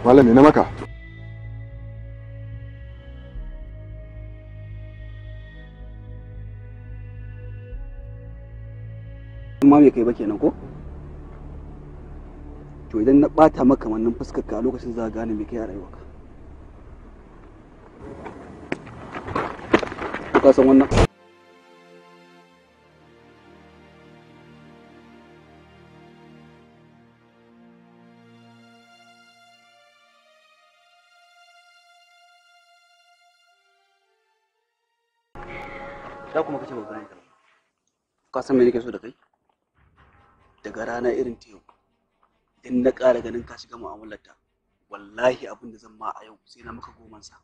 malam me na maka ma bai kai ba kenan ko to idan na bata maka wannan fuskar ka lokacin za gane me kai a rayuwarka ka san wannan ka san me nake so da kai daga rana irin ta yau idan na ƙara ganin ka shiga mu'amalar ta wallahi abin da zan ma a yau sai na maka goman sa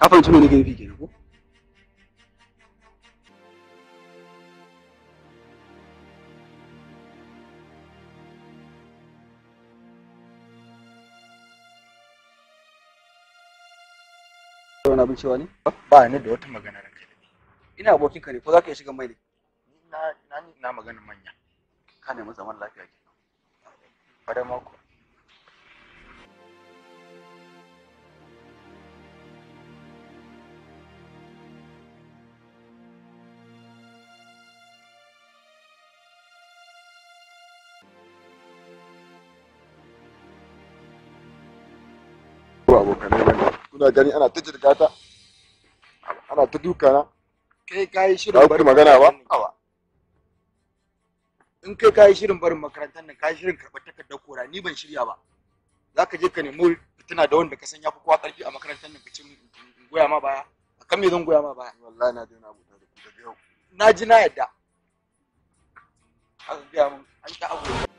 ka fahimci me nake kenan ko wani abin cewa ne? Ba ni da wata magana da kai. ina abokin ka ne ko za ka iya shiga mai ne na na magana manya ka nemi zaman lafiya ke bada mako abokanai kuna gani ana ta jirgata ana ta dukana kai kayi shirin barin magana ba in kai kayi shirin barin makarantar nan kayi shirin karɓar takardar kora ni ban shirya ba za ka je ka nemi fitina da wanda ka san ya fi kowa ƙarfi a makarantar nan ka ci goya ma baya a kan me zan goya ma baya wallahi na daina abuta da ku yau na ji na yadda aka ga mun an ta abu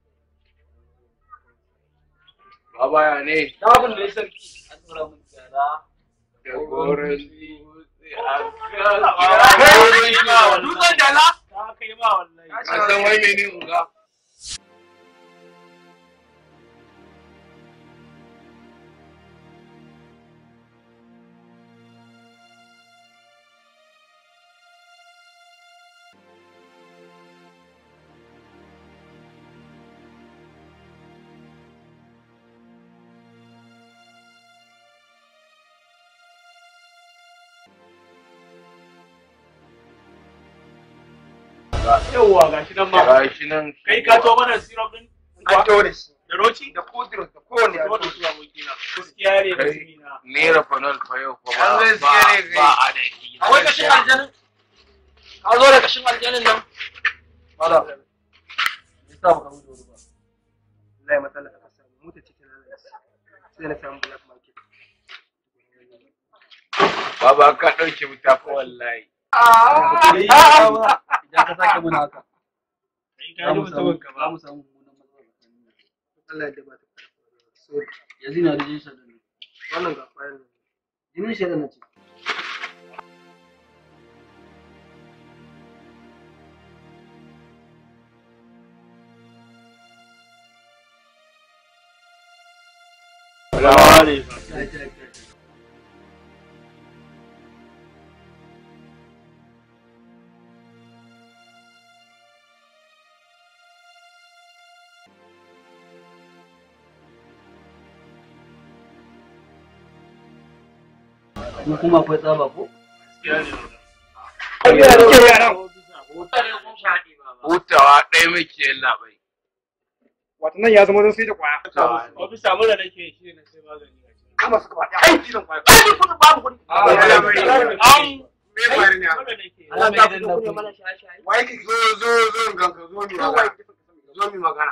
ba baya ne da sarki an mun tsara da goren kai ma wallahi ka san wai menene uga ga shi nan ma ga shi nan kai ka to mana syrup din an tore shi da roci da kudro da kowane ya tore shi abokina gaskiya ne da ne ra fanal fa yau fa ba ba a dai shi a wai kashin aljanin ka zo da kashin aljanin nan mala ya sa mu zo ba wallahi matsala aka mu ta cikin nan sai na samu black market baba ka dauke mutafa wallahi Idan ka sake muna haka. Za mu samu za mu samu mummunan matsala tsakanin ya daba ta so yanzu na da jin shaɗan ne. Wannan ga Ya ne. Jinin shaɗan na ce. ya alaikum. Mu kuma akwai tsaba ko? Hutawa ɗaya muke yin labai. Wata nan ya zama sai da kwaya. da shi ne sai magani. Kama su ɗaya. Ai, Ai, magana.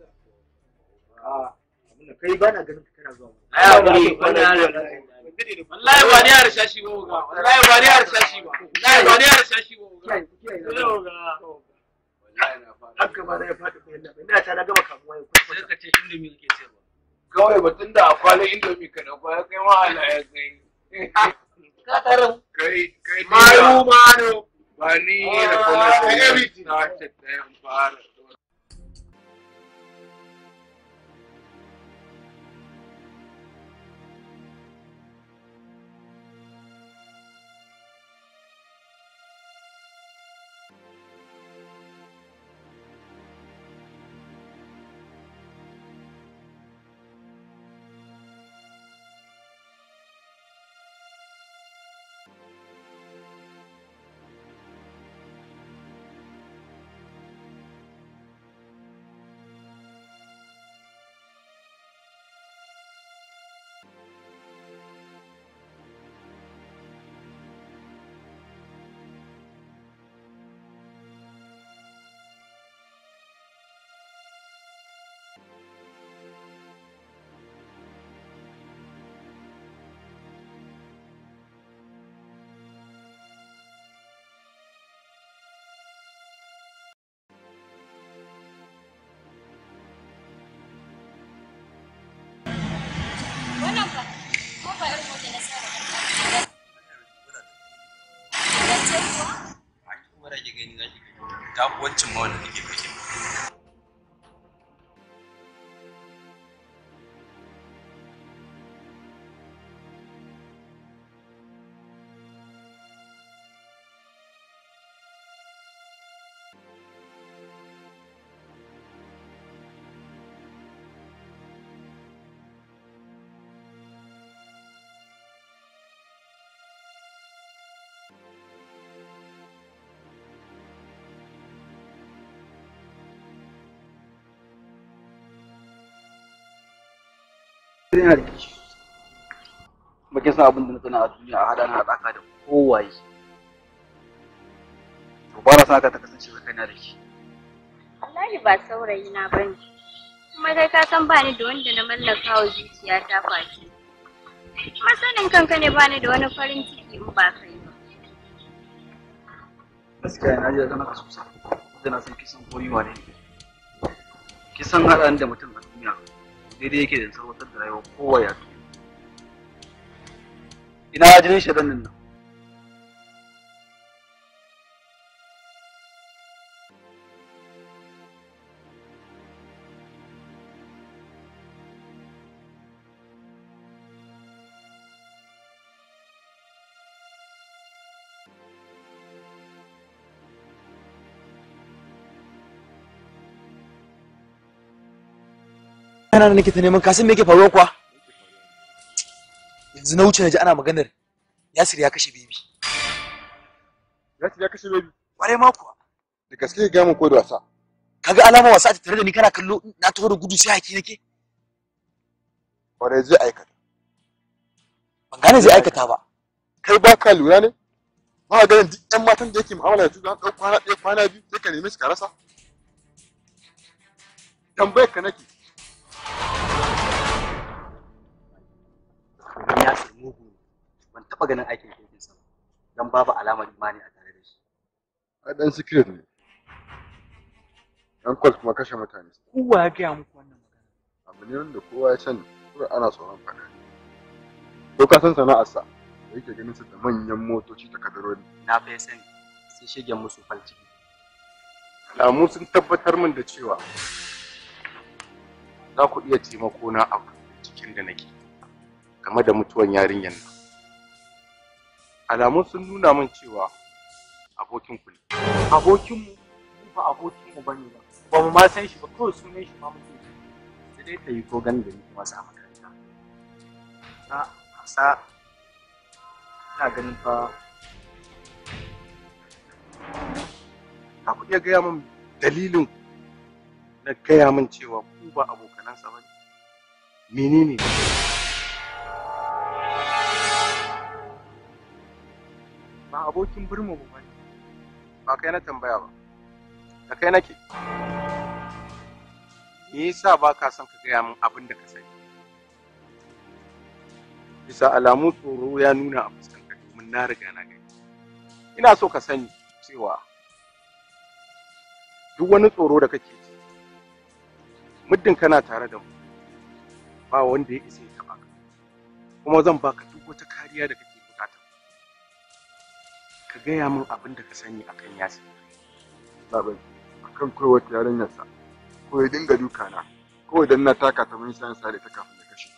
kai ba na ganin kana zuwa ai wallahi ba ni yar shashi ba ga wallahi ba ba wallahi ni yar shashi ba ga haka ba zai ina ta gama kamuwa ya sai ka ce yake ce ba kawai da indomi ka da kwaya kai ma ala ya kai ka tarin kai kai maru da kuma sai na ta ta fara kasuwancin yana da kishi bakin san abin da na tsana a duniya a hada na haɗaka da kowaye to ba na sa ta kasance tsakanin da shi wallahi ba saurayi na bane kuma kai ka san ba ni da wanda na mallaka wa zuciya ta face kuma sanin kanka ne ba ni da wani farin ciki in ba kai ba gaskiya na ji da kana sosai da na san kisan koyuwa ne kisan haɗa da mutum a duniya daidai yake da sarwatar da rayuwar kowa ya ina jinin shirin nan Ana da nake ta neman kasan me yake faruwa kuwa? Yanzu na wuce na ji ana maganar Yasir ya kashe bebi. Yasir ya kashe bebi? Ƙwarai ma kuwa. Da gaske ga mu ko da wasa. Kaga alama wasa ta tare da ni kana kallo na taho da gudu sai haki nake. Ƙwarai zai aikata. Ban gane zai aikata ba. Kai ba ka lura ne? Ba ganin duk 'yan matan da yake mu'amala da su ɗan kwana ɗaya kwana biyu sai ka neme su ka rasa. Tambayar ka nake domin ya tsaye mugu ne ban taɓa ganin aikin kirkin sa don babu alamar imani a tare da shi A ɗan sikirin ne Ɗan kwal kuma kashe mutane kowa ya gaya muku wannan magana abu ne wanda kowa ya sani kura ana tsoron faɗa ko ka san sana'arsa da yake ganin su da manyan motoci ta kadarori na fa sani sai shige musu falciki alamu sun tabbatar min da cewa za ku iya taimako na abu cikin da nake game da mutuwan yarinyar nan alamun sun nuna min cewa abokin ku abokinmu ba abokinmu ba ne ba ba mu ma san shi ba kawai sunan shi ma muke sai dai ta yi ko gani da ni kuma a makaranta na hasa ina ganin fa a ku iya gaya min dalilin na gaya min cewa ku ba abokanansa ba ne menene abokin burma mu bane ba kai na tambaya ba da kai nake me yasa ba ka son ka gaya min abin da ka sani bisa alamu tsoro ya nuna a fuskanka domin na riga na gani ina so ka sani cewa duk wani tsoro da kake ji muddin kana tare da mu ba wanda ya isa ya taba ka kuma zan baka duk wata kariya da kake ka gaya min abin da ka sani akan yasir labai akan kai wata yarinyarsa ko ya dinga duka na ko idan na taka ta mun san sare ta kafin ya kashe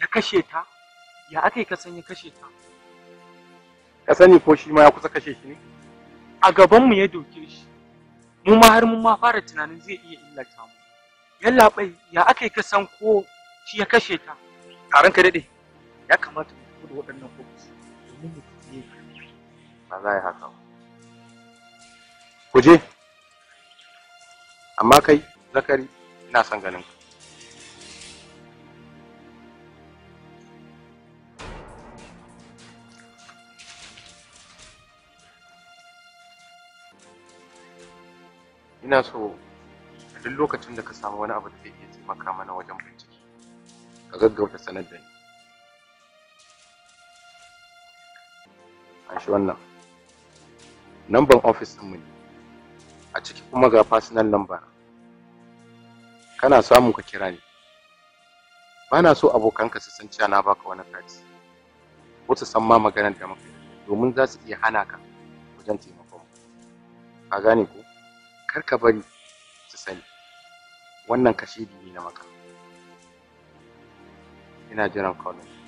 ya kashe ta ya aka yi ka sani ya kashe ta ka sani ko shi ma ya kusa kashe shi ne a gaban mu ya doke shi mu ma har mun ma fara tunanin zai iya illata mu yalla bai ya aka yi ka san ko shi ya kashe ta taron ka dade ya kamata mu da waɗannan kofi domin mu za ku je amma kai zakari ina son ganin ku ina so duk lokacin da ka samu wani abu da zai iya taimaka mana wajen bincike ka gaggauta sanar da ni a shi wannan namban ofis mu ne a ciki kuma ga personal number kana samun ka kira ni ba na so abokanka su san cewa na baka wani kati ko su san ma maganar da muka domin za su iya hana ka wajen taimakon ka gane ko kar ka bari su sani wannan kashe ne na maka ina jiran kawai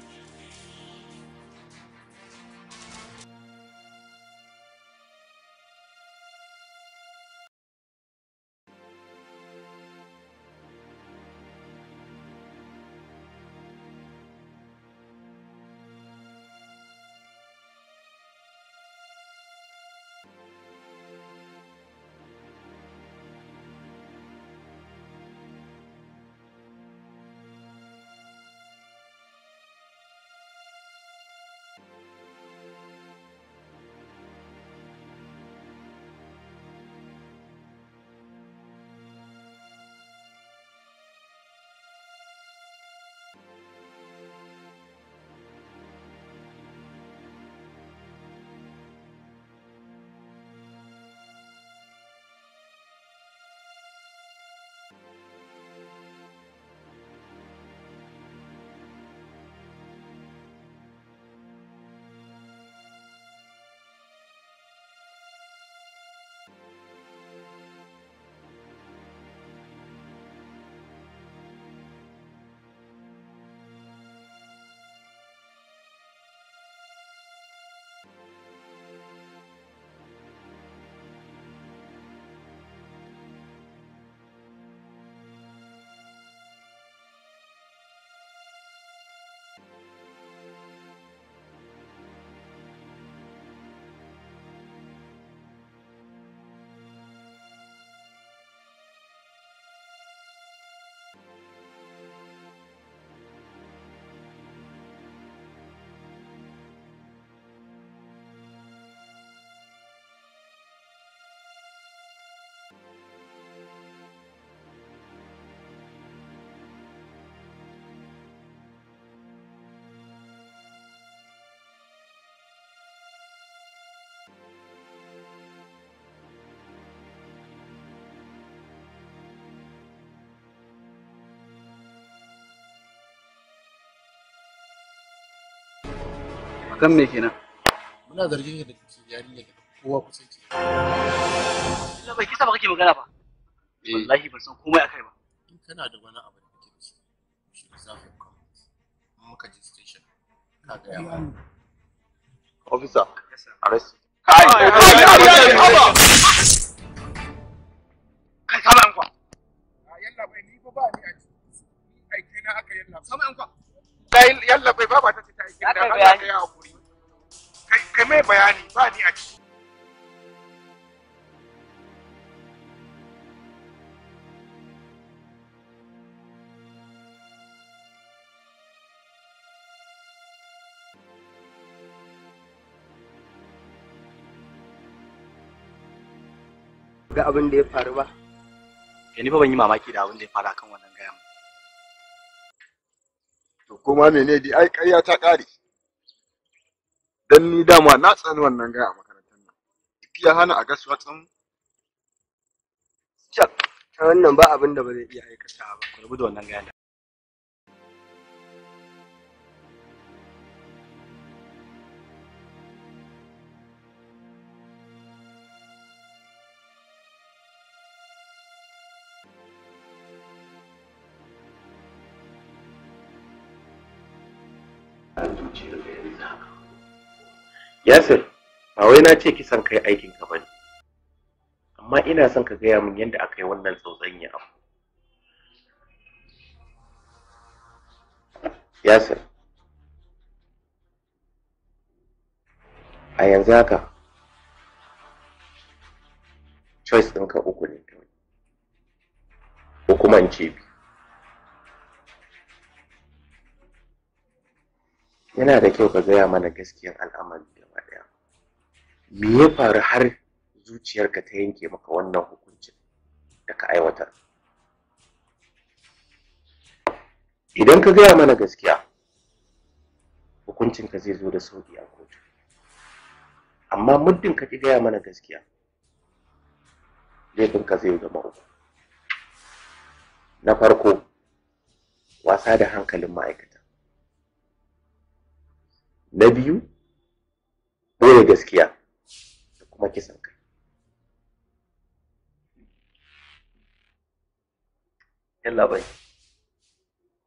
kan me kenan muna zargin ka da yarinya ka kowa kusa ce Allah bai kisa ba kake magana ba eh. wallahi ban san komai akai ba in kana da wani abu da kake ci shi za ka kawo muka ji station ka ga yawa officer arrest kai kai kai kai kai kai Kai kai kai kai ah, ni a kai kai kai kai aka kai kai kai kai kai kai kai kai kai ta kai kai kai kai kai kai mai bayani ba ni a ci ga abin da ya faru ba. Ni fa ban yi mamaki da abin da ya faru kan wannan gaya. To kuma mene di ai ƙarya ta ƙare. dan ni dama na tsani wannan gaya a makarantar nan duk ya hana a gasuwa tsan wannan ba abin da ba zai iya aikata ba ku wannan gaya yasir ba wai na ce kisan kai aikin ka bane amma ina son ka gaya min yadda aka yi wannan ya abu yasir a yanzu haka choice ɗinka uku ne ko kuma in ce biyu yana da kyau ka gaya mana gaskiyar al'amari me ya faru har zuciyarka ta yanke maka wannan hukuncin da ka aiwatar idan ka gaya mana gaskiya hukuncinka zai zo da sauki a kotu amma muddin ka ki gaya mana gaskiya laifinka zai zama uku na farko wasa da hankalin ma'aikata na biyu ɓoye gaskiya kuma kisan yalla bai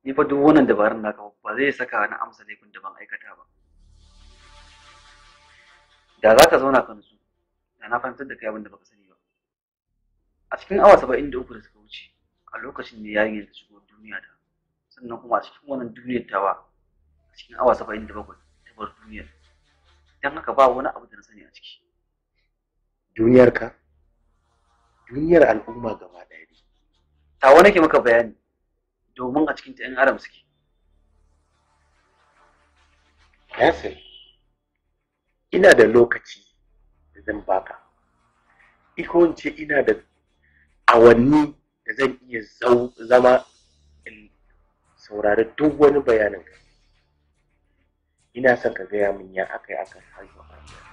ni fa duk wannan dabarun naka ba zai saka na amsa laifin da ban aikata ba da za ka zauna kan su, da na fahimtar da kai abin da baka sani ba a cikin awa saba'in da uku da suka wuce a lokacin ne yarinyar ta shigo duniya ta sannan kuma a cikin wannan duniyar ba a cikin awa saba'in da bakwai ta bar duniyar don haka ba wani abu da na sani a ciki duniyarka duniyar al'umma gaba ɗaya ne tawa nake maka bayani domin a cikin ta'in haram suke ina da lokaci da zan baka ikon ce ina da awanni da zan iya zama in saurari duk wani bayanin ina son ka gaya min ya aka yi aka haifa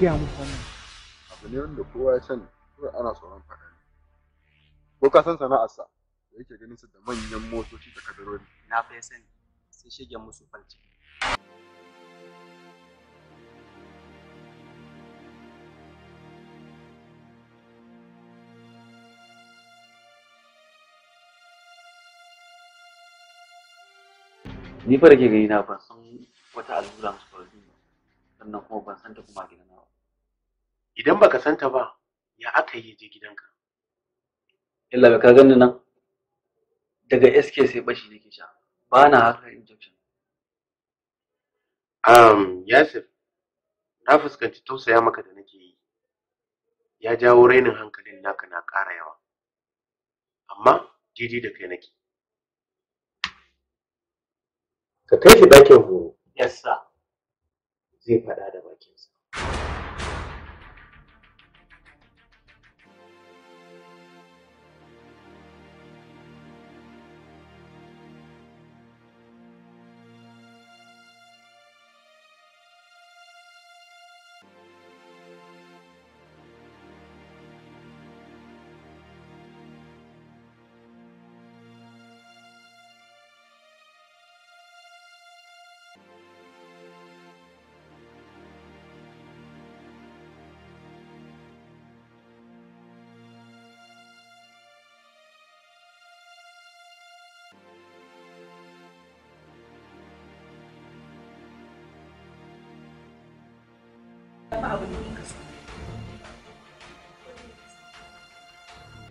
gaya muku wannan abu ne wanda kowa ya sani kawai ana tsoron faɗa ne ko ka san sana'arsa da yake ganin su da manyan motoci da kadarori na fa ya sani sai shige musu falci ni fa da ke gani na ban san wata allura su ba sannan kuma ban san ta kuma idan baka ta ba ya aka yi je gidanka illa ka gani nan daga sk sai bashi nake sha ba na haka injection um yasir na fuskanci tausaya maka da nake yi ya jawo rainin hankalin naka na ƙara yawa amma daidai da kai nake ka kai shi ɗakin horo yasa zai faɗa da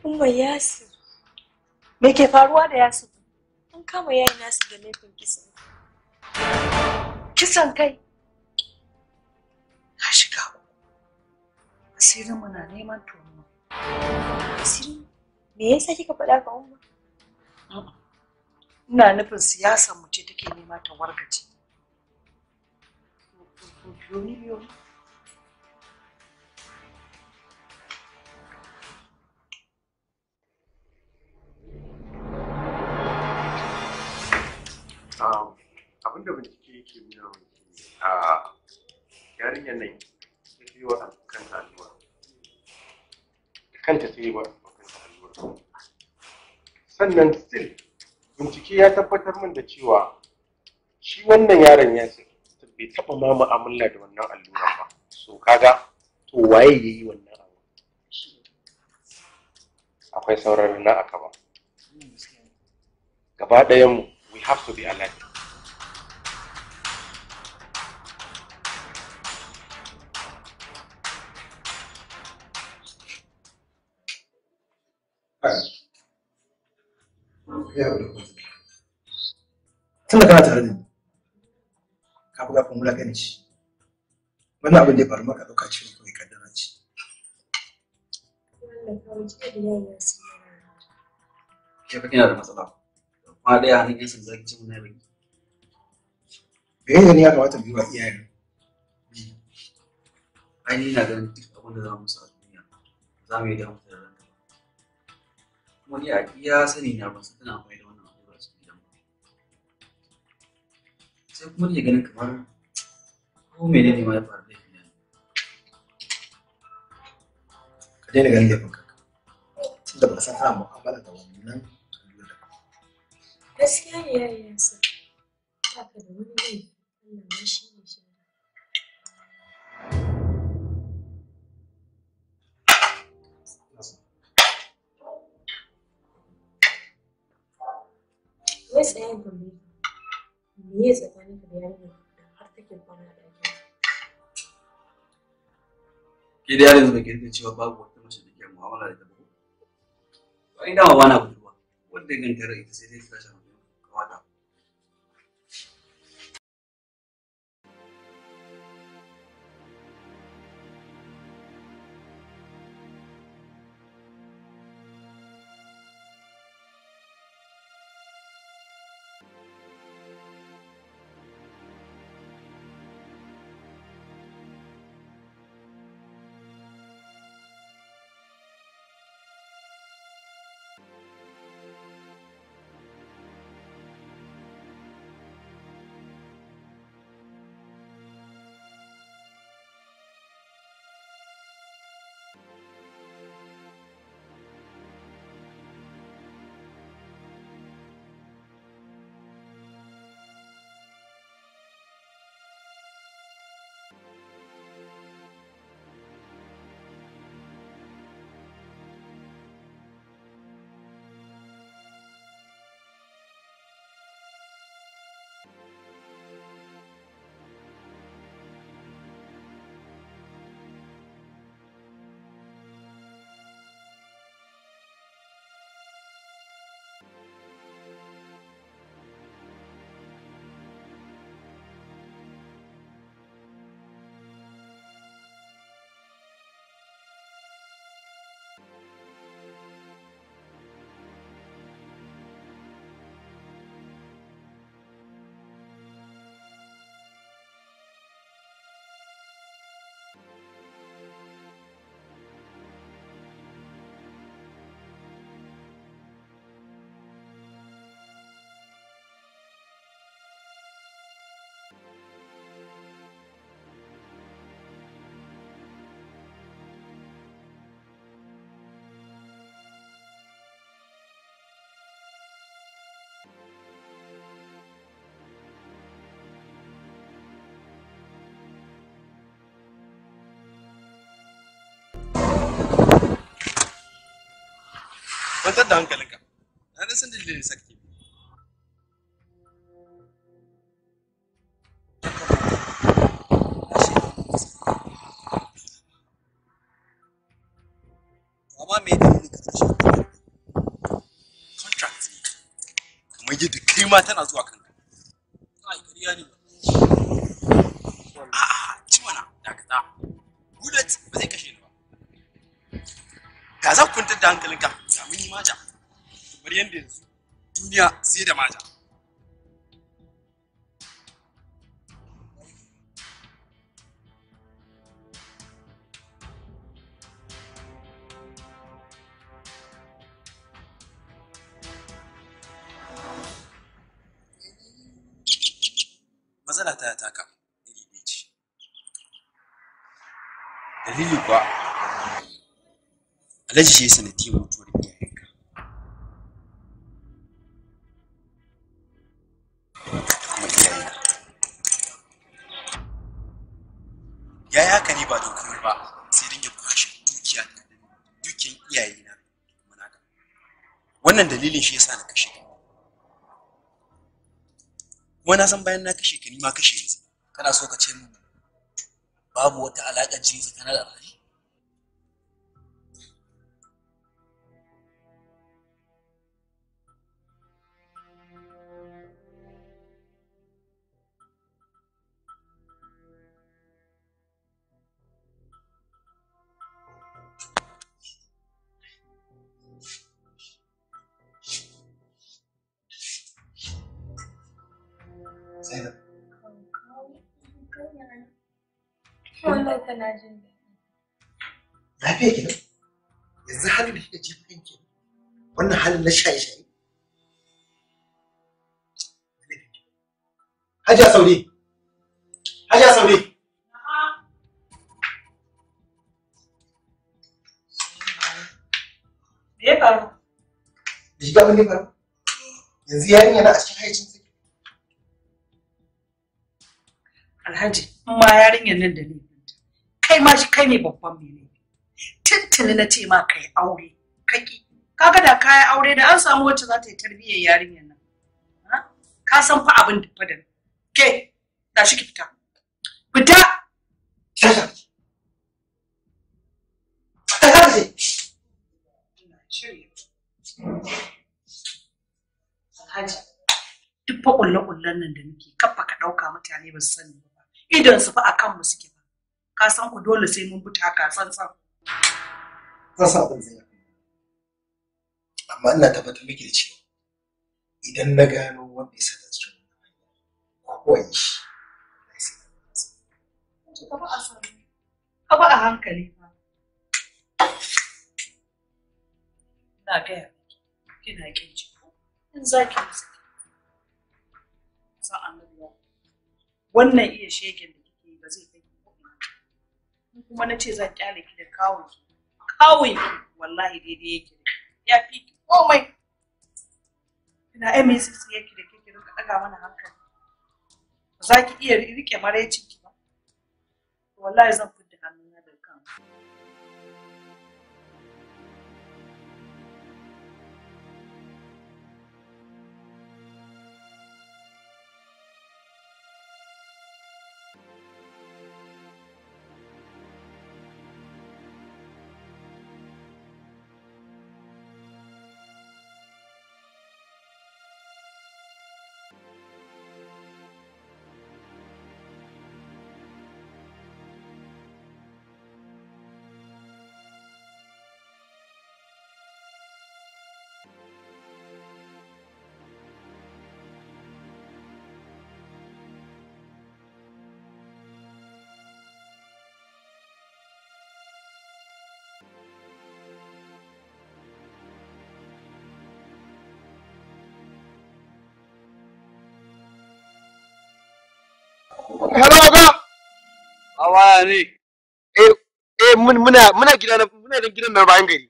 kuma yasi Me ke faruwa da yasi An kama yayi nasu da laifin kisan. Kisan kai? Ka shiga Asirin na neman tono. Asirin? Me yasa kika faɗa ka Umma? Ina nufin siyasar mu ce take nema ta warkace. Um, abinda bincike yake nuna mai a yarinyar nan ta yi wa kanta allura kanta ta yi wa kanta allura sannan still bincike ya tabbatar min da cewa shi wannan yaron ya bai taɓa ma mu'amala da wannan allura ba so kaga to waye ya yi wannan abu akwai sauran na aka ba gaba ɗayan mu we have to be alert. tun da kana tare da ka buga kun wulaƙani shi wani abin da ya faru maka ɗauka ce ko ya kaddara ce ke fa ina da matsala kuma ɗaya hannun yasa za ki ci wani rai. Ga yadda ni ya kamata mu yi wa iyayen. Ai na ganin duk abin da za mu sa duniya za mu yi da hamsa da ranka. Kuma ni a iya sani na ba su tana mai da wannan abubuwa ba su gidan ba. Sai kuma ni ganin kamar ko mene ne ma ya faru da ni. Ka daina ganin laifinka. Tunda ba san ana mu'amala da wannan gaskiya ne yayyansa ba ka da wani laifi Allah ma shi ne shi wai tsayen tambayi me ya tsakanin ka da yarinya har take kwana da ɗakin ke da yarin zama girgin cewa babu wata mace da ke mu'amala da ta bugu ba ina wa wani abu wanda ya gantara ita sai dai ta tashi Thank you kwantar da hankalinka na nan dalilin amma me ka tashi contract ne kamar yadda kai ma tana zuwa ai kariya ne a'a ci mana dakata bullet ba da hankalinka yadda yanzu duniya sai da mata matsala ta taka iri biyu ce dalili kuwa alaji shi sanadi mutuwar dalilin shi yasa na kashe ka kuma na san bayan na kashe ka ni ma kashe ni kana so ka ce mun babu wata alaƙa jini tsakanin da alhaji Yanzu halin da kika jefa kanki wannan halin na shaye-shaye. Hajiya Saudi. Hajiya Saudi. Me ya faru? faru. Yanzu a cikin Alhaji, nan da ni kai ma shi kai ne babban bene tuntuni na ce ma kai aure kaki kaga da kayan aure da an samu wacce za ta yi tarbiyyar yarinyar nan ka san fa abin da fadin ke da shi ki fita fita Alhaji, duk fa ƙulle-ƙullen nan da muke kafa ka ɗauka mutane ba su sani ba, idon su fa a kanmu suke ba. ka san ku dole sai mun ka san san. Za sa abin zai amma ina tabbatar miki da cewa idan na gano wanda ya sata cikin kawai shi ka ba a hankali na gaya kina kin ci in za ki musu sa'an wannan iya shegen kuma na ce zan kyale ki da kawun ki kawun wallahi daidai yake ya fi ki komai ina MSC yake da kike rika daga mana hankali za ki iya rike maraicin ki ba wallahi zan fidda hannuna da kan Haraga. Hawa ne. Eh eh muna muna gida na muna da gidan na bayan gari.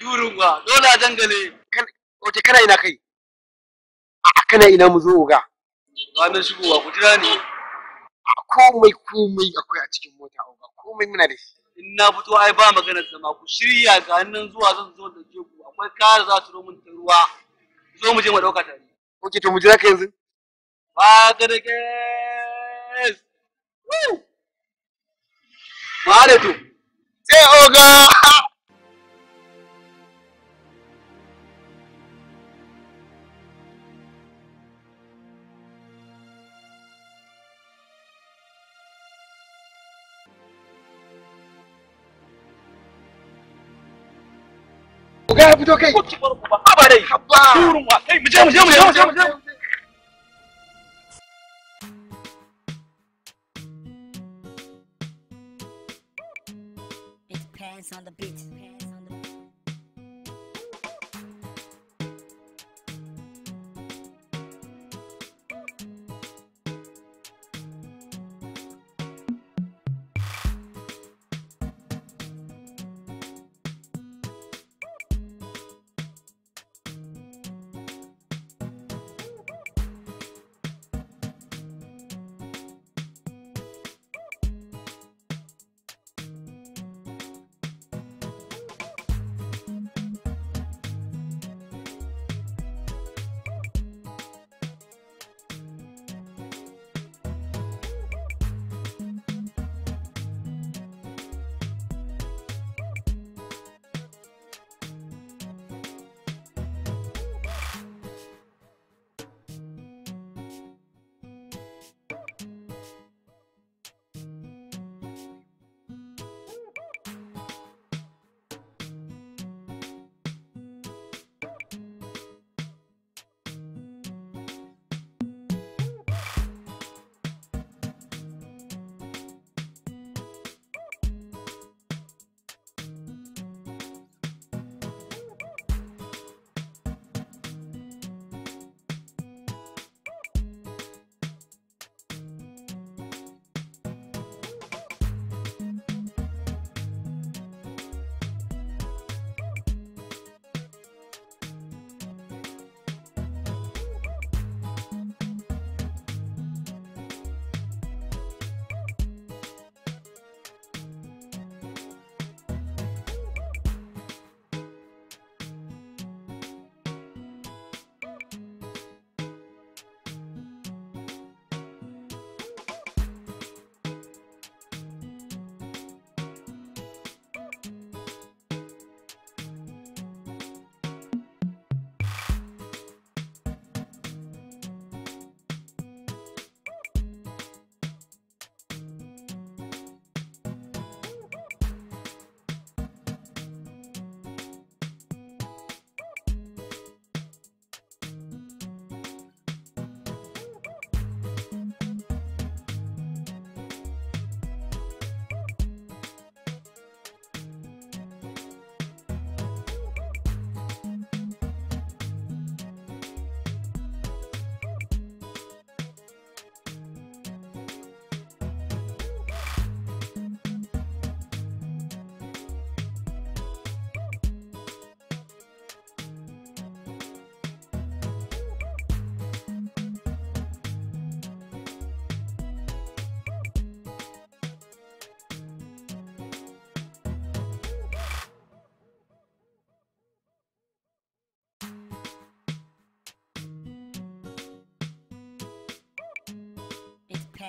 Yurunga, dole a dangane. Oke kana ina kai? A kana ina mu zo ga. Ranar shigowa ku jira ne. Komai komai akwai a cikin mota ga komai muna da shi. In na fito ai ba magana zama ku shirya ga hannun zuwa zan zo da ku akwai kara za su romun ta ruwa. Zo mu je mu ɗauka tare. Oke to mu jira ka yanzu. Rodriguez! Woo! Maredu! Say, Oga! Oga, ya fito kai! Ko ci farko ba, ba dai! Habba! Turun wa! Kai, mu je, mu je, mu je, mu je!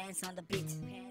Hands on the beat.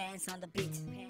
hands on the beat.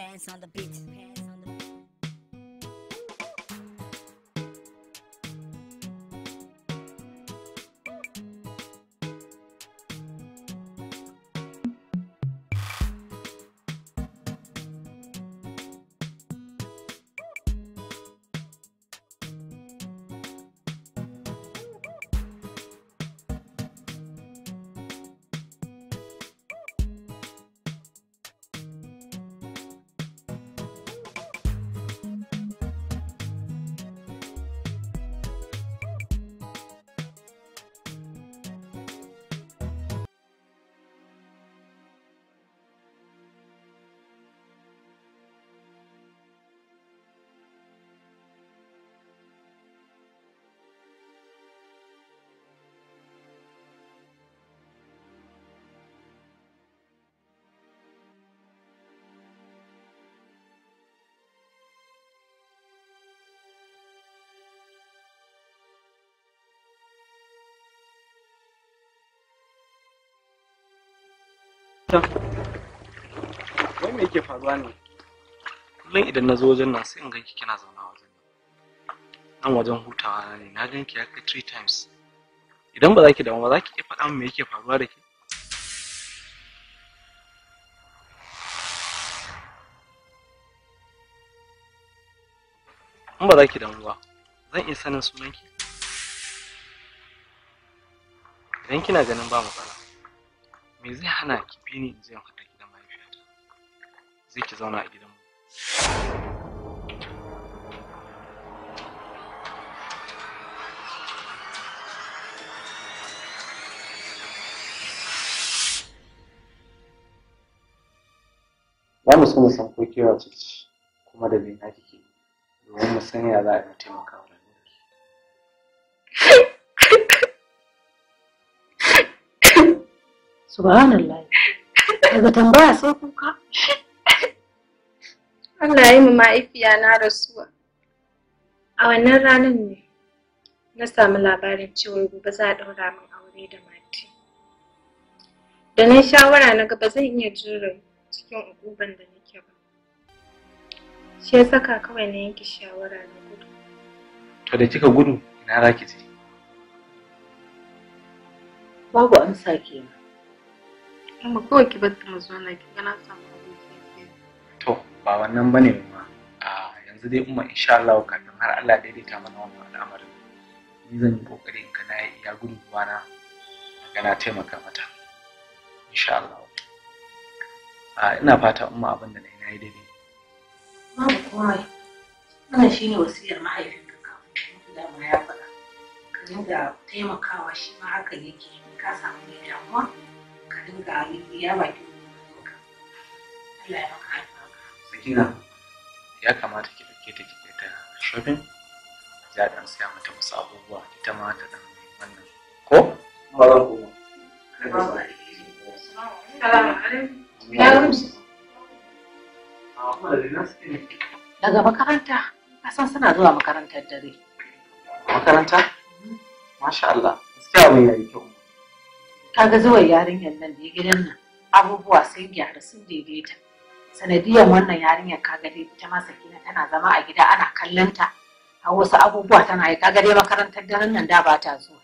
hands on the beat. can wai me ke faruwa ne kullum idan na zo wajen nan sai in ganki kina zauna wajen nan wajen hutawa ne na ganki ya kai three times idan ba za ki damu ba za ki iya faɗa min me yake faruwa da ke in ba za ki damu ba zan iya sanin sunanki idan kina ganin ba matsala me zai hana ki bi ni in zai hada haɗa gidan mahaifiyata zai ki zauna a gidanmu za mu san mu san ko kewa ce kuma da bina kike domin mu san ya za a yi taimaka wa subhanallah daga tambaya sai kuka Allah ya yi mu ma'ifiya na rasuwa a wannan ranar ne na samu labarin cewa gobe za a daura min aure da mati da na shawara na gaba zan iya jure cikin ukuban da nake ba shi ya saka kawai na yanke shawara na gudu to da kika gudu ina za ki je babu amsa kenan kuma kawai ki bar mu zo na kin na samu abinci to ba wannan bane ma a yanzu dai umma insha Allah kafin har Allah daidaita mana wannan al'amarin ni zan yi kokarin ka na iya gudunwa na ga na taimaka mata insha Allah a ina fata umma abin da na yi daidai babu komai wannan shine wasiyar mahaifinka kafin da ma ya faɗa ka dinga taimakawa shi ma hakan yake ka samu damuwa ka dinga baki Allah ya maka sakina ya kamata ki dauke ta ki ta shopping dan mata wasu abubuwa ita ma ta dan wannan ko Daga makaranta, suna zuwa makarantar dare. Makaranta? Mm-hmm. Masha Allah, gaskiya abin yayi kyau. kaga zuwa yarinyar nan da gidan nan abubuwa sun gyara sun daidaita sanadiyar wannan yarinyar kaga dai ita ma sakina tana zama a gida ana kallonta a wasu abubuwa tana yi kaga dai makarantar daren nan da ba ta zuwa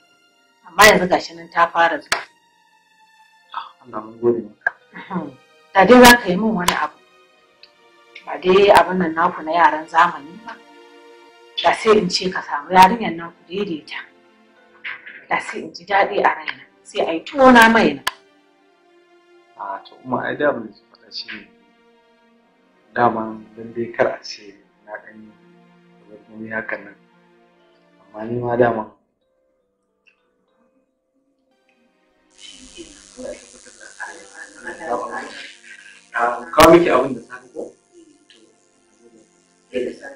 amma yanzu gashi nan ta fara zuwa ta hmm. dai za ka yi min wani abu ba dai abin nan naku na yaran zamani ba da sai in ce ka samu yarinyar nan ku daidaita da sai in ji daɗi a raina sai a yi tuwo na mai na. A to kuma ai da mun faɗa shi ne dama dan dai kar a ce na ɗan yi da kuma hakan nan amma ni ma dama kawo miki abin da ta ko? sa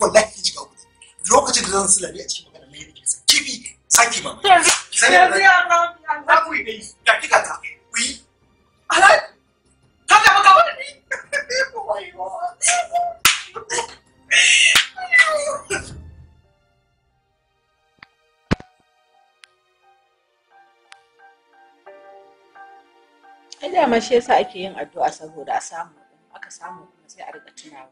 wallahi ki jiga kuɗi lokacin da zan sulale a cikin magana mai yadda kisa kibi saki ba yanzu yanzu ya na na ku yi da kika ta ku yi alai ka ga maka wani ni Ai dama shi yasa ake yin addu'a saboda a samu aka samu kuma sai a riga tunawa.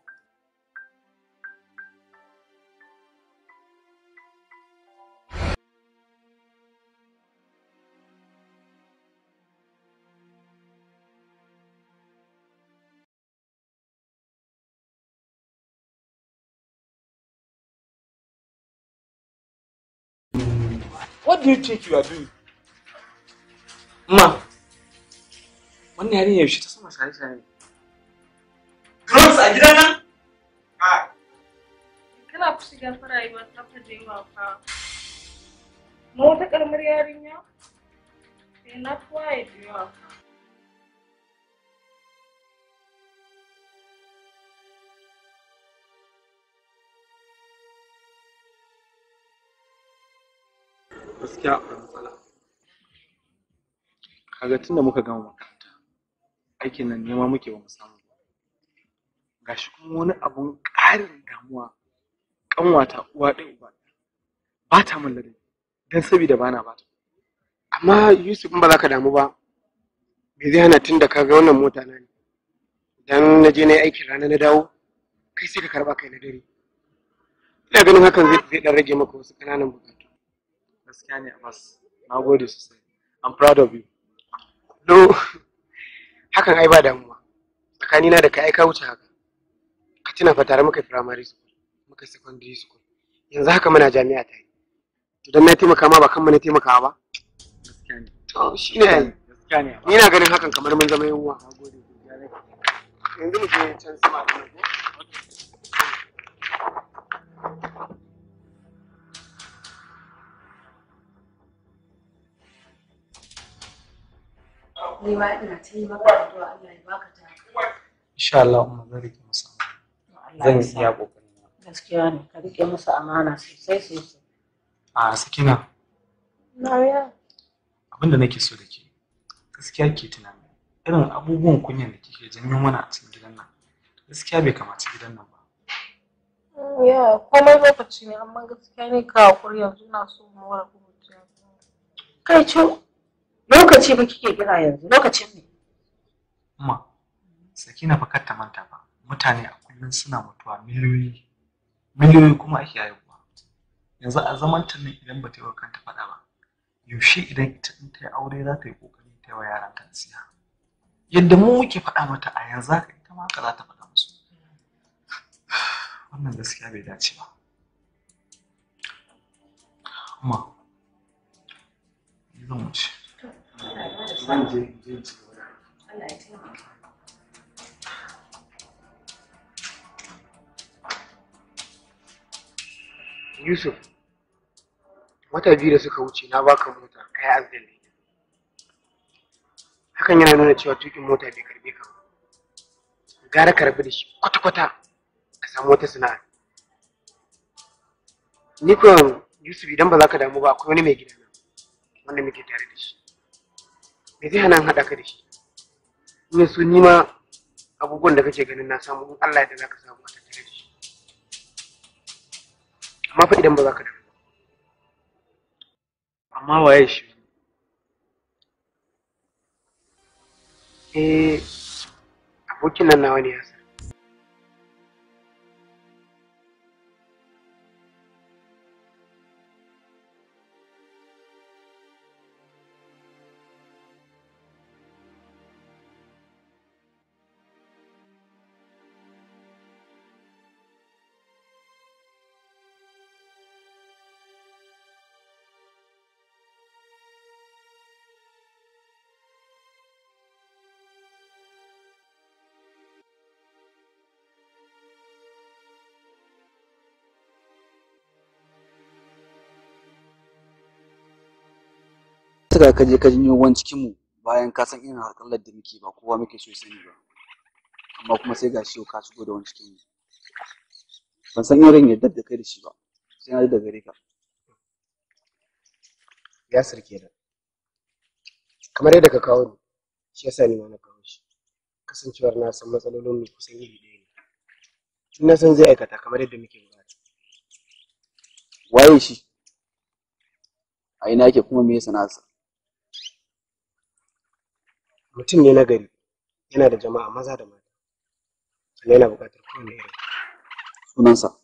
do you think you are doing? Ma, wannan yarinya yaushe ta sama sare sare. Drugs a gidan nan? A. Kana ku shiga ba ta eh, na gaskiya a matsala kaga tunda muka gama makaranta aikin nan nema muke ba mu samu ba gashi kuma wani abun ƙarin damuwa ƙanwata uwa ɗaya uba ba ta mun ladabi don sabida ba na ba ta amma yusuf in ba za ka damu ba me zai hana tun da ka ga wannan mota na ne idan na je na yi aikin rana na dawo kai sai ka karɓa kai na dare ina ganin hakan zai zai ɗan rage maka wasu ƙananan bukatu gaskiya ne abbas na gode sosai i'm proud of you no hakan ai ba damuwa tsakanina da kai ai ka wuce haka ka tuna fa tare muka primary school muka secondary school yanzu haka muna jami'a ta yi to dan na taimaka ma ba kan mu na taimaka ba gaskiya ne to shine gaskiya ne ni na ganin hakan kamar mun zama yunwa. na gode yanzu mu je can sama da mu ni ma ina ta yi maka addu'a Allah ya baka ta insha Allah umma zan rike masa zan yi iya kokarin gaskiya ne ka rike masa amana sosai sosai a sakina na. abin da nake so da ke gaskiya ke tunani irin abubuwan kunyan da kike janyo mana a cikin gidan nan gaskiya bai kamata gidan nan ba mm, ya komai lokaci ne amma gaskiya ne ka hakuri yanzu na so mu wara kuma kai ce lokaci ba kike kira yanzu lokacin ne amma sakina fa ta manta ba mutane a kullum suna mutuwa miliyoyi miliyoyi kuma ake haihuwa yanzu a zaman ta nan idan ba ta yi kanta faɗa ba yaushe idan ita in ta yi aure za ta yi kokari ta yi wa yaran ta nasiha yadda mu muke faɗa mata a yanzu haka ita ma haka za ta faɗa musu wannan gaskiya bai dace ba amma zan wuce Yusuf wata biyu da suka wuce na baka mota kai azumi hakan yana nuna cewa tukin mota bai karbe ka gara ka rabu da shi kwata-kwata a samu wata sana'a ni kuwa Yusuf idan ba za ka damu ba akwai wani mai gidana wanda muke tare da shi me zai hana haɗa ka da shi in so ni ma abubuwan da kake ganin na samu in Allah ya za ka samu a tattare da shi amma fa idan ba za ka damu amma waye shi eh abokin nan nawa ne ya sa saka ka je ka janyo wani cikin mu bayan ka san irin harkalar da muke ba kowa muke so sani ba amma kuma sai ga shi ka shigo da wani cikin mu ban san irin yadda da kai da shi ba sai na da gare ka ya sirke da kamar yadda ka kawo ni shi yasa ni ma na kawo shi kasancewar na san matsalolin mu kusan iri ɗaya ne na san zai aikata kamar yadda muke bukata waye shi a ina yake kuma me sana'arsa mutum ne na gari yana da jama'a maza da mata sannan yana buƙatar kowane irin sunansa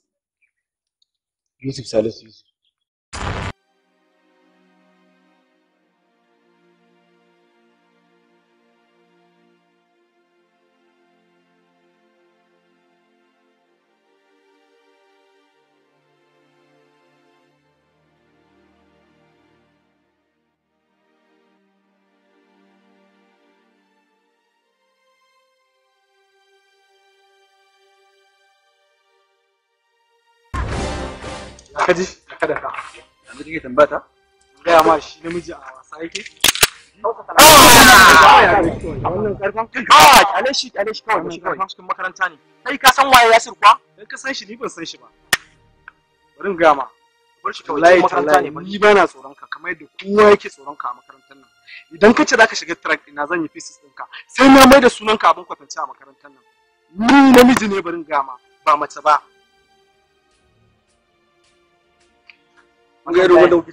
yusuf salisu yusuf ka ji ka da ka yanzu kike tambata gaya ma shi namiji a wasa yake kawai kyale shi kyale shi kawai shi kawai cikin makaranta ne kai ka san waye yasir kuwa dan ka san shi ni ban san shi ba bari in gaya bar shi kawai cikin makaranta ne ni ba na tsoron ka kamar yadda kowa yake tsoron ka a makarantar nan idan ka ce zaka shiga track ina zan yi thesis ka, sai na mai da sunan ka abin kwatance a makarantar nan ni namiji ne bari in gaya ba mace ba mun ga irin wanda kuke ka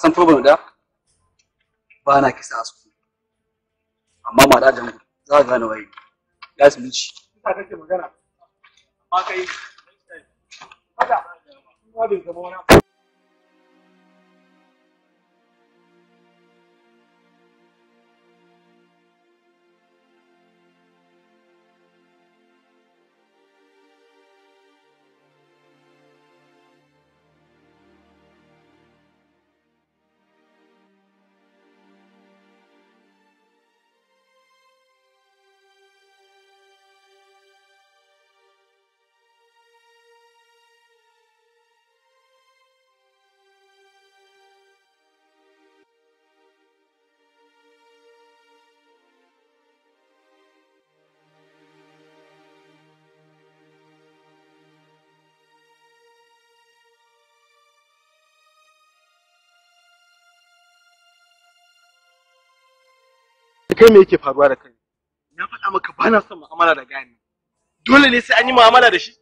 san da ba na kisa su amma ma da jangu za ka gane waye ya su kake magana bin wani kai me yake faruwa da kai na faɗa maka ba na son mu'amala da gani. dole ne sai an yi mu'amala da shi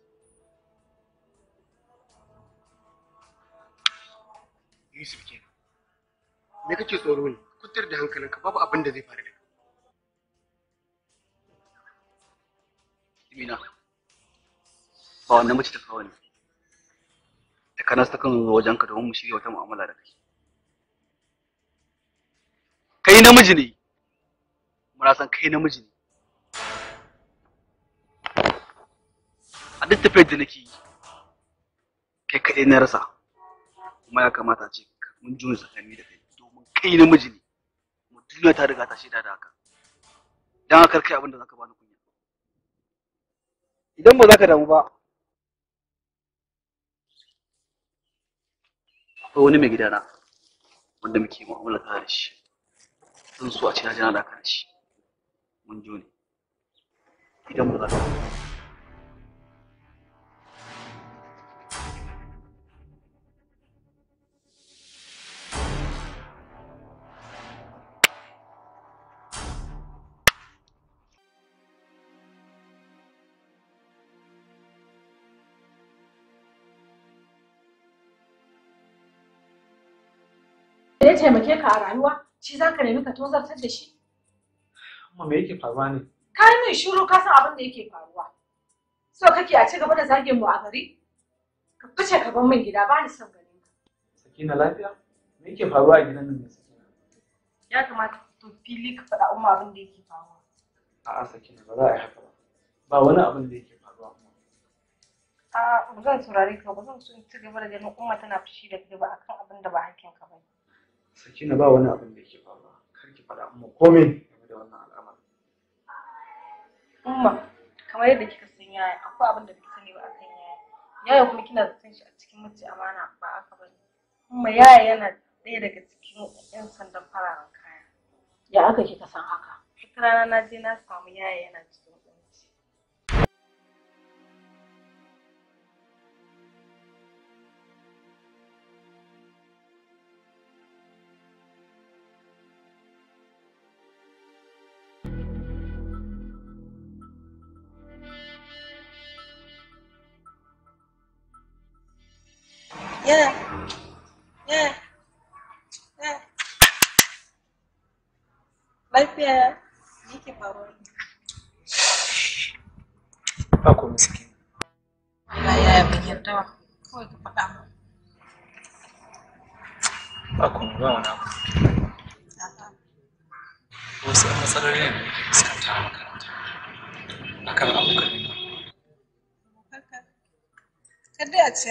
Yusuf ke me kake tsoro ne kuntar da hankalinka babu abin da zai faru da kai Mina ba wannan mace ta kawo ne ta kanasta ta kan zo wajenka domin mu shirya wata mu'amala da kai kai namiji ne kuma san kai namiji ne a duk tafiyar da nake yi kai kaɗai na rasa kuma ya kamata ce mun juna tsakani da kai domin kai namiji ne mu duniya ta riga ta shaida da haka dan haka kai abin da zaka bani kunya idan ba za ka damu ba akwai wani mai gidana wanda muke mu'amala ta da shi zan so a cikin jana da da shi mun jo ne idan ba za ka ya taimake ka a rayuwa shi za ka nemi ka tozartar da shi Kuma me yake faruwa ne? Ka yi min shiru ka san abin da yake faruwa. So kake a ci gaba da zagin mu a gari? Ka fice ka bar min gida ba ni son ganin ka. Sakina lafiya? Me yake faruwa a gidan nan ne Sakina? Ya kamata to fili ka faɗa umma abin da yake faruwa. A'a Sakina ba za a yi haka ba. Ba wani abin da yake faruwa kuma. A'a ba zan saurare ka ba zan so in ci gaba da ganin umma tana fushi da kai ba akan abin da ba hakkin ka ba. Sakina ba wani abin da yake faruwa. Kar ki faɗa umma komai. umma kamar yadda kika san yaya akwai abin da kika sani ba akan yaya yaya kuma kina zaton shi a cikin mace amana ba aka bane umma yaya yana ɗaya daga cikin yan sandan fararen kaya ya aka kika san haka wata rana na je na samu yaya yana ciki Yeah. Yeah. Yeah. Lafiya yake faruwa. Ba ku miski. Wallahi yaya ban yarda ba. Kawai ka faɗa mu. Ba ku ba ne a makaranta. Kada a ce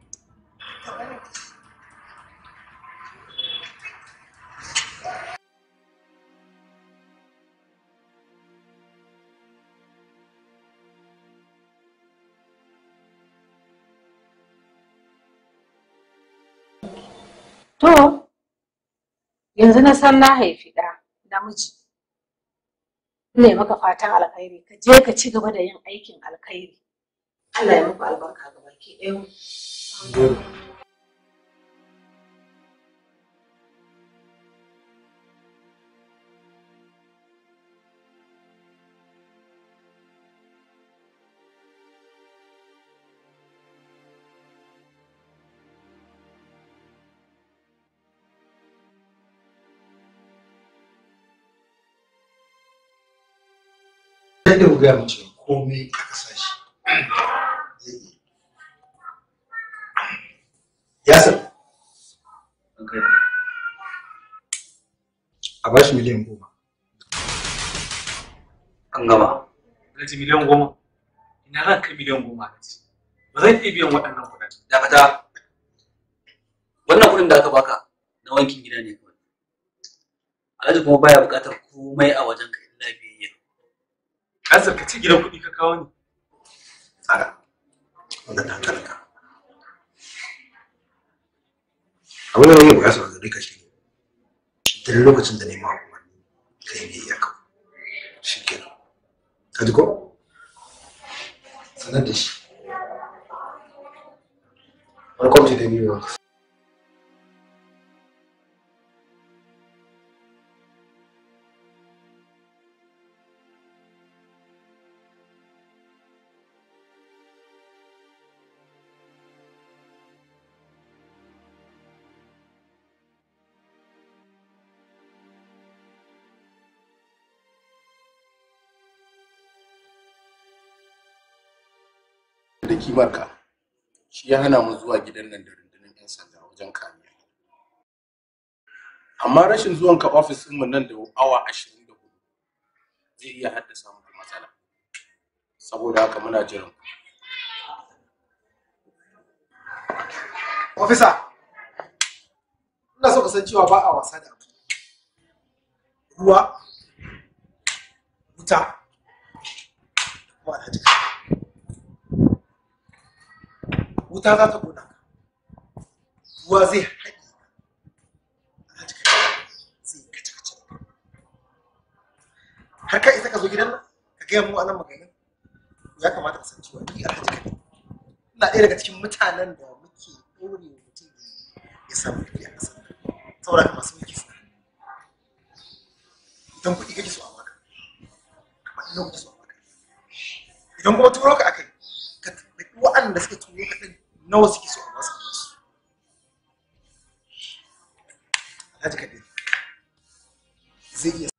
yanzu na san na haifi ɗa namiji ina maka fatan alkhairi ka je ka ci gaba da yin aikin alkhairi Allah ya muku albarka ga baki ɗaya da ku gaya mace komai a sa shi ya san a ba shi miliyan goma an gama alhaji miliyan goma ina zan kai miliyan goma alhaji ba zan iya biyan waɗannan kuɗaɗe dakata wannan kuɗin da aka baka na wankin gida ne kawai alhaji kuma baya buƙatar komai a wajen ka Azar ka ce gidan kuɗi ka kawo ni. Tsara, wanda ta talaka. Abin da wani koya sauran ka shi ne, lokacin da nema umarni ka yi biyayya ka. Shi kenan. Ka ji ko? Sanar da shi. Welcome to the new world. kimarka shi ya hana mu zuwa gidan nan da rundunar 'yan sanda wajen kamiya amma rashin zuwan zuwanka ofis mu nan da awa ashirin da zai iya haddasa muku matsala saboda haka muna jiran ofisa ina so ka san cewa ba a wasa da ruwa wuta ko alhaji wuta za ta kona ka ruwa zai haɗe a cikin zai kace kace har ka isa ka zo gidan nan ka gaya mu anan maganin ya kamata ka san cewa ni alhaji kai ina ɗaya daga cikin mutanen da muke ɗore mutum ya samu kuɗi a ƙasar saboda haka masu mulki suna idan kuɗi kake so a baka kamar ina kuɗi so a baka idan kuma turo ka akai ka tafi waɗanda suka turo ka ɗin nawa suke so a basu su alhaji kaɗe zai iya